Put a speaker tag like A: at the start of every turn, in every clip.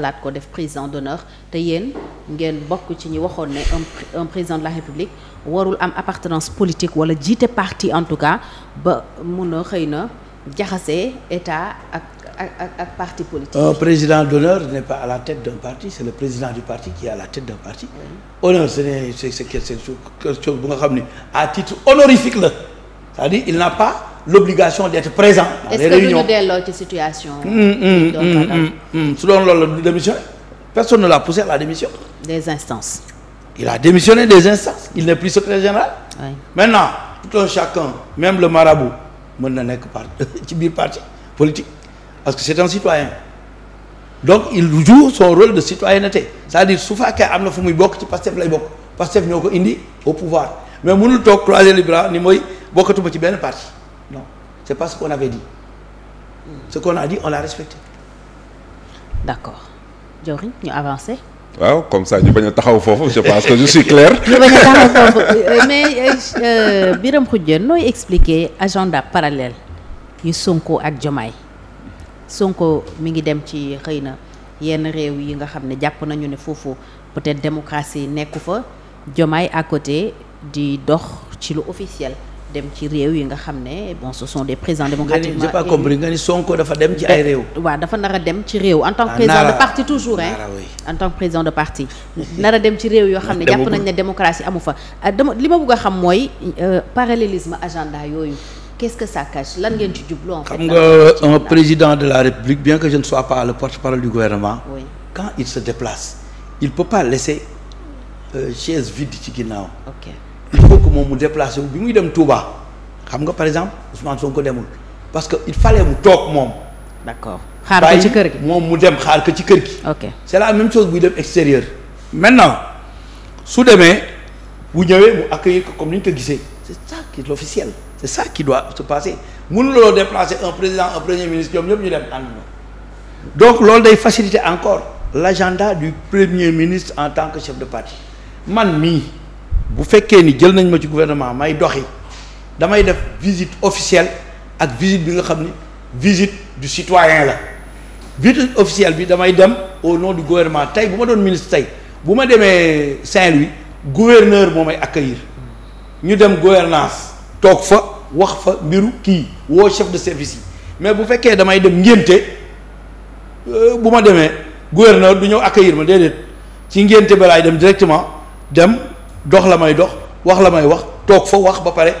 A: xalaat ko def président d'honneur te yéen ngeen bokk ci ñi waxoon ne un président de la république warul am appartenance politique wala jiite parti en tout cas ba mun xëy na jaxase état ak ak ak parti politique. un
B: président d'honneur n'est pas à la tête d'un parti c'est le président du parti qui est à la tête d'un parti. honneur ce n'est c'est c'est bu nga xam ni à titre honorifique la c'est-à-dire il n'a pas. l'obligation d'être présent dans les réunions. est-ce
A: que duñu delloo ci
B: mm, mm, mm, la du démissionné personne ne l'a poussé la démission. des instances. il a démissionné des instances il n'est plus secrétaire général. maintenant tout un chacun même le marabout mën na nekk par ci biir parti politique parce que c'est un citoyen donc il joue son rôle de citoyenneté c'est-à-dire su fekkee am na fu muy bokk ci la lay bokk Pastef ñoo ko indi au pouvoir mais mënul toog croiser les ni mooy bokkatuma ci benn parti. c'est pas ce
A: qu'on avait di ce qu'on a dit on l'a respecté. d'accord Diori ñu avancé
C: waaw comme ça ñu bañ taxaw foofu je pense que je suis clair. ñu bañ a taxaw foofu euh, mais euh, euh,
A: Birame Khoudia nooy expliquer agenda parallèle yu Sonko ak Diomaye Sonko mi ngi dem ci xëy na yenn réew yi nga xam ne jàpp nañu ne foofu peut-être démocratie nekku fa Diomaye à côté di dox ci lu officiel. dem ci réew yi nga xam ne bon ce son des présidents démocratiquement j'ai pas compris nga ni
B: Sonko dafa dem ci ay réew
A: waaw dafa nar a dem ci réew en tant que ah, président de parti toujours hein en tant que président de parti nar a dem ci réew yoo xam ne jàpp nañ ne démocratie amu fa euh, dama li ma bëgg a xam mooy euh, parallélisme agenda yooyu qu'est-ce que ça cache lan ngeen ci jublu en fait xam nga euh, un
B: président de la république bien que je ne sois pas le porte-parole du gouvernement quand il se déplace il ci ginnaaw ok moom mu déplacé wu bi muy dem Touba xam nga par exemple Ousmane ko demul parce que il fallait mu toog moom. d'accord xaar ko ci kër gi moom mu dem xaar ko ci kër gi. ok c'est la même chose buy dem extérieur. maintenant su demee bu ñëwee mu accueillir ko comme ni ñu ko gisee c'est ça qui est l'officiel c'est ça qui doit se passer mënuloo déplacer un président un premier ministre ñoom ñëpp ñu dem ànd donc loolu day faciliter encore l'agenda du premier ministre en tant que chef de parti bu fekkee ni jël nañ ma ci gouvernement may doxi damay def visite officielle ak visite bi nga xam ni visite du citoyen la visite officielle bi damay dem au non du gouvernement tey bu ma doon ministre tey bu ma demee Saint-Louis gouverneur moo may accueillir ñu dem gouvernance toog fa wax fa mbiru kii woo chef de service yi mais bu fekkee damay dem ngénte euh, bu ma demee gouverneur du ñëw accueillir ma déedéet ci ngénte ba laay dem directement dem dox la may dox wax la may wax toog fa wax ba pare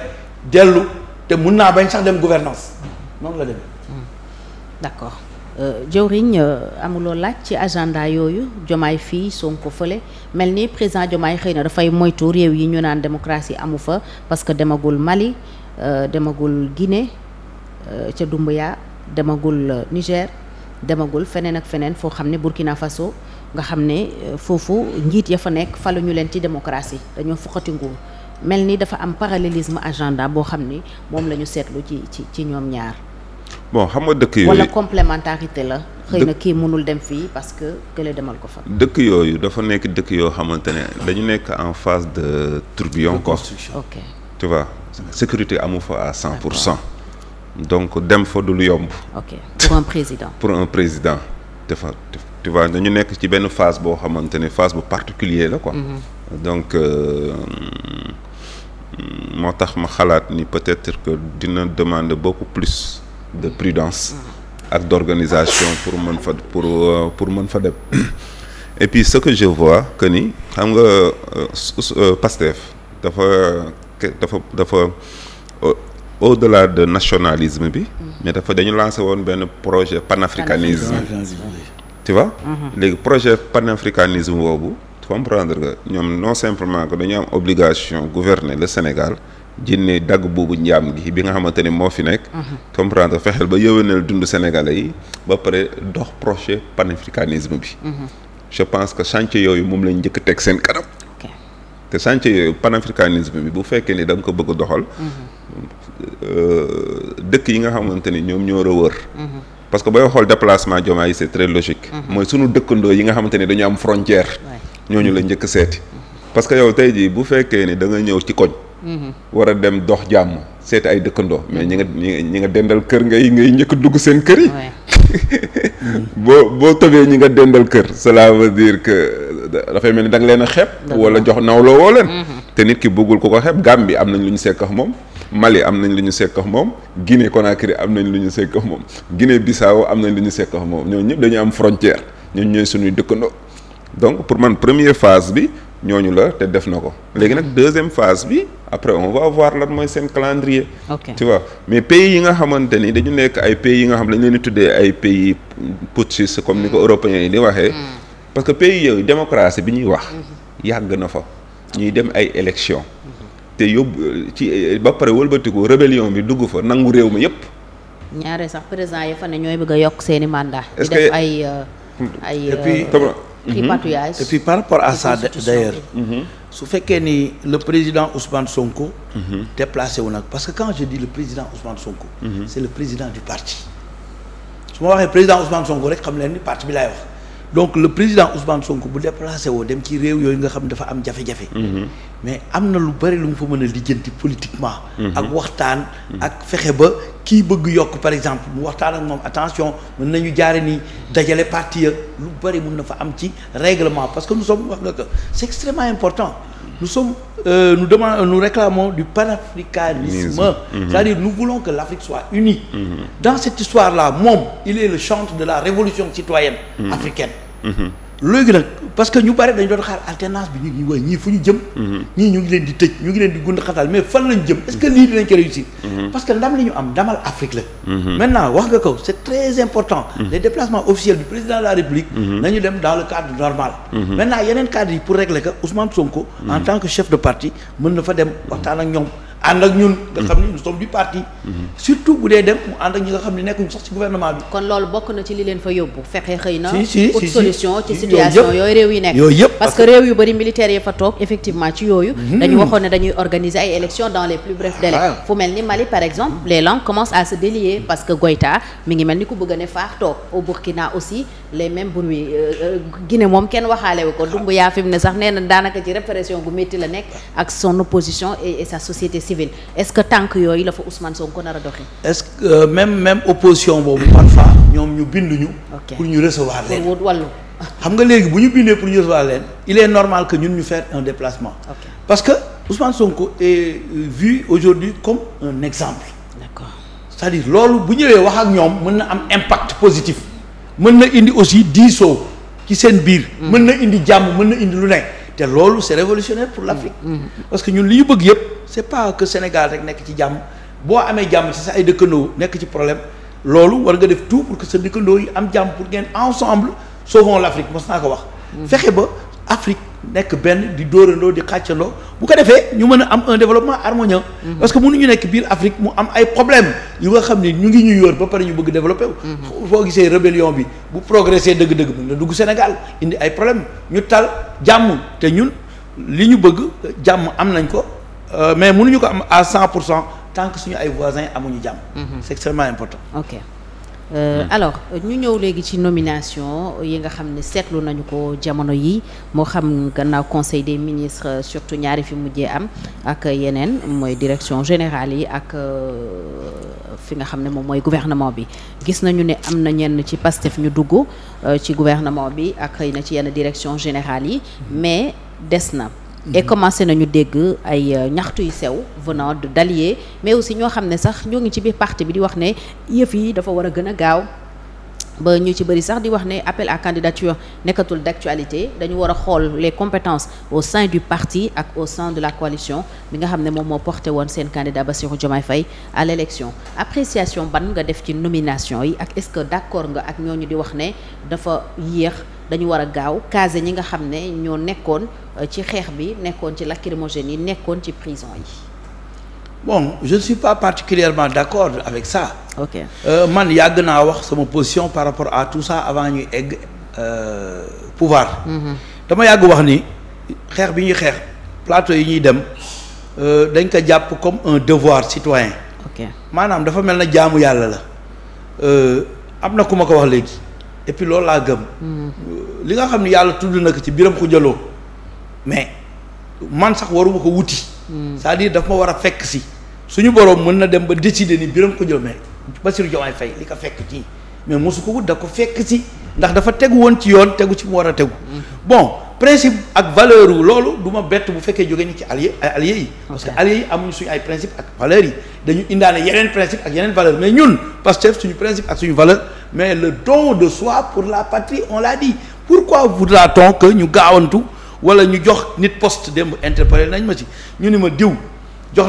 B: dellu te mun naa bañ sax dem gouvernance noonu la demee.
A: Hmm. d'accord euh, jëwriñ euh, amuloo laaj ci agenda yooyu jomaay fii Sonko fële mel ni président jomaay xëy na dafay moytu réew yi ñu naan démocratie amu fa parce que demagul Mali euh, demagul Guinée ca Doumbouya demagul Niger. demagul feneen ak feneen foo xam ne Burkina Faso nga xam ne euh, foofu njiit ya fa nekk ñu leen ci démocratie dañoo foqati nguur mel ni dafa am parallélisme agenda boo xam ni moom la ñu seetlu ci ci ci ñoom ñaar.
C: bon xamoo nga dëkk yooyu wala
A: complémentarité la. xëy na kii mënul dem fii parce que kële demal ko fa.
C: dëkk yooyu dafa nekk dëkk yoo xamante ne dañu nekk en phase de tourbillon quoi. ok tu sécurité amu fa à 100 pour cent. donc dem fa dul lu yomb. pour un président. pour un président dafa nekk ci benn phase boo xamante ne phase bu particulier la quoi. Mm-hmm. donc euh, moo tax ma xalaat ni peut-être que dina demander beaucoup plus de prudence. ak d'organisation pour mën fa pour euh, pour mën fa dem. et puis ce que je vois que ni xam nga euh, dafa dafa dafa. au la de nationalisme bi. Mm. mais dafa dañu lancé woon benn projet panafricanisme. tu vois. Mm-hmm. léegi projet panafricanisme boobu. comprendre que ñoom non simplement que dañu am obligation gouverner le Sénégal jinne dagg boobu njaam gi bi nga xamante ni moo fi nekk. Mm-hmm. comprendre fexeel ba yëwénal dund Sénégalais yi ba pare dox projet panafricanisme bi. Mm-hmm. je pense que chantier yooyu moom lañ njëkk teg seen kanam. te chantier yooyu panafricanisme bi bu fekkee ni da ko bëgg doxal. Euh, dëkk yi nga xamante ni ñoom ñoo wër. Mhm. parce que booy xool déplacement Diomaye yi c'est très logique. Mhm. mooy sunu dëkkandoo yi nga xamante ni dañu am frontière. ñooñu la njëkk seeti. parce que yow tey jii bu fekkee ni da nga ñëw ci koñ. Mhm. war a dem dox jàmm seeti ay dëkkandoo mais ñi nga ñi nga dendal kër ngay ngay njëkk dugg seen kër yi. boo boo tobee ñi nga dendal kër. cela veut dire que dafay mel ni da nga leen a xeeb. wala jox nawloo woo leen. te nit ki bëggul ko ko xeeb Gambie am nañ lu ñu sekk ak moom Mali am nañ lu ñu sekk ak moom Guinée Conakry am nañ lu ñu sekk ak moom Guinée Bissau am nañ lu ñu sekk ak moom ñooñu ñëpp dañu am frontière ñun ñooy suñuy dëkkandoo donc pour man première phase bi ñooñu la te def na ko léegi nag deuxième phase bi après on va voir lan mooy seen calendrier. ok tu vois mais pays yi nga xamante ni dañu nekk ay pays yi nga xam dañu leen di tuddee ay pays putschistes comme ni ko mm. européens yi di waxee. Mm. parce que pays yooyu démocratie bi ñuy wax. Mm-hmm. yàgg na fa. ñuy dem ay élection te yóbbu ci ba pare wëlbatiku rébellion bi dugg fa nangu réew mi yépp
A: ñaare sax président yi fan ne ñooy bëgg a yokk seeni mandat di def ay euh, ay tripatouillage euh, mhm. et puis
B: par rapport à ça d'ailleurs mhm. su fekkee ni le président Ousmane Sonko mhm. déplacé wu nag parce que quand je dis le président Ousmane Sonko c'est le président du parti su ma waxee président Ousmane Sonko rek xam leen ni parti bi laay wax donc le président Ousmane Sonko bu déplacé woo dem ci réew yooyu nga xam dafa am jafe-jafe. Mhm. mais am na lu bari lu mu fa mën a lijjanti politiquement. Mhm. ak waxtaan. Mhm. ak fexe ba kii bëgg yokk par exemple mu waxtaan ak moom attention mën nañu jaare nii dajale parti ya lu bari mun na fa am ci règlement parce que nous sommes wax nga que c'est extrêmement important. nous sommes euh, nous demandons nous réclamons du panafricanisme mmh. c'est-à-dire nous voulons que l'Afrique soit unie mmh. dans cette histoire-là moom il est de la révolution citoyenne mmh. Mm-hmm. léegi nag parce que ñu bari dañ doon xaar alternance bi ñu ngi waaye ñii fu ñu jëm mm-hmm. ñii ñu ngi leen di tëj ñu ngi leen di gund xatal mais fan lañ jëm est-ce que lii dinañ ko réussir mm-hmm. parce que ndam li ñu am ndamal Afrique la maintenant wax nga ko c'est très important les déplacements officiels du président de la République nañu dem dans le cadre normal maintenant yeneen cadre yi pour régler ko Ousmane Sonko en tant que chef de parti mën na fa dem waxtaan surtout bu dee dem mu ànd
A: ak ñi nga xam ne nekkuñ sax ci gouvernement bi. kon loolu bokk na ci li leen fa yóbbu fexe xëy na. si si si solution ci situation yooyu réew yi nekk. yooyu yëpp parce que réew yu bëri militaires yi fa toog effectivement ci yooyu. Mhm. dañu waxoon ne dañuy organiser ay élections dans les plus brefs délais. Ah. fu mel ni Mali par exemple les langues commencent à se délier parce que Goïta mi ngi mel ni ku bëgg a ne faax toog au Burkina aussi les mêmes bruits euh, euh, Guinée moom kenn waxaale wu ko Doumbouya fi mu ne sax nee na daanaka ci répression gu métti la nekk ak son opposition et sa société civile est-ce que tànk yooyu la fa Ousmane ko nar a doxee.
B: est-ce que euh, même même opposition boobu parfois ñoom ñu binduñu. ok pour ñu recevoir leen xam nga léegi bu ñu bindee pour ñu recevoir leen il est normal que ñun ñu faire un déplacement. Okay. parce que Ousmane Sonko est euh, vu aujourd'hui comme un exemple. d'accord c'est-à-dire loolu bu ñëwee wax ak ñoom mën na am impact positif mën na indi aussi diisoo ci seen biir. Mm-hmm. mën na indi jàmm mën na indi lu nekk. te loolu c'est révolutionnaire pour l'Afrique. Mmh. parce que ñun li ñu bëgg yëpp c'est pas que Sénégal nekk ci jàmm. boo amee jàmm ci sa ay dëkkandoo nekk ci problème loolu war nga def tout pour que sa dëkkandoo yi am jàmm pour ngeen ensemble sauvons l'Afrique mos naa ko wax. Mm. fexe ba Afrique nekk benn di doorandoo di xàccandoo bu ko defee ñu mën a am un développement harmonieux. Mm-hmm. parce que mënuñu nekk biir mu am ay problème yu nga xam ni ñu ngi ñu yor ba pare ñu bëgg développé wu. Mm-hmm. foo gisee rébellion bi bu progressé dëgg-dëgg mën na dugg Sénégal indi ay problème ñu tal jàmm te ñun li ñu bëgg jàmm am nañ ko euh, mais mënuñu ko am à cent pour cent. tant que suñu ay voisins amuñu jàmm. Mhm. c'est extrêmement important.
A: ok euh, mm. alors ñu ñëw léegi ci nomination yi nga xam ne seetlu nañu ko jamono yi moo xam gannaaw conseil des ministre surtout ñaari fi mujjee am ak yeneen mooy direction générale yi ak euh, fi nga xam ne moom mooy gouvernement bi gis nañu ni am na ñenn ci fi ñu dugg euh, ci gouvernement bi ak xëy na ci yenn direction générale yi mm. mais des na. et commencé nañu dégg ay euh, ñaxtu yu sew venant de d'alliés mais aussi ñoo xam ne sax ñoo ngi ci biir parti bi di wax ne yëf yi dafa war a gën a gaaw ba ñu ci bëri sax di wax ne appel à candidature nekkatul d'actualité dañu war xool les compétences au sein du parti ak au sein de la coalition bi nga xam ne moom moo porté woon seen candidat Bassirou Diomaye Faye à l'élection appréciation ban nga def ci nomination yi ak est-ce que d'accord nga ak ñoo ñu di wax ne dafa yéex dañu war a gaaw caser ñi nga xam ne ñoo nekkoon euh, ci xeex bi nekkoon ci lacrymogène yi nekkoon ci prison yi
B: bon je ne suis pas particulièrement d'accord avec ça. ok euh, man yàgg naa wax sama position par rapport à tout ça avant ñuy egg euh, pouvoir. Mhm. dama yàgg wax ni xeex bi ñuy xeex plateau yi ñuy dem euh, dañ ko jàpp comme un devoir citoyen. ok maanaam dafa mel na jaamu yàlla la am na ku ma ko wax léegi et puis loolu laa gëm. Mhm. li nga xam ne yàlla tudd na ci biram xujaloo mais man sax waruma ko wuti. Mhm. c'est-à-dire ma war a fekk si. suñu boroom mën na dem ba décider ni Birame ko Diomaye Bassirou Diomaye Faye li ko fekk ci mais mosu ko wut da ko fekk si ndax dafa tegu woon ci yoon tegu ci mu war a tegu mm-hmm. bon principe ak valeur loolu du ma bett bu fekkee jógee ni ci allié allié yi parce que allié yi amuñu suñu ay principe ak valeurs yi dañu indaane yeneen principe ak yeneen valeur mais ñun Pastef suñu principe ak suñu valeur mais le don de soi pour la patrie en l'a dit pourquoi voudra-t-on que ñu gaawantu wala ñu jox nit poste démb interpellé nañ ma ci ñu ni ma diw jox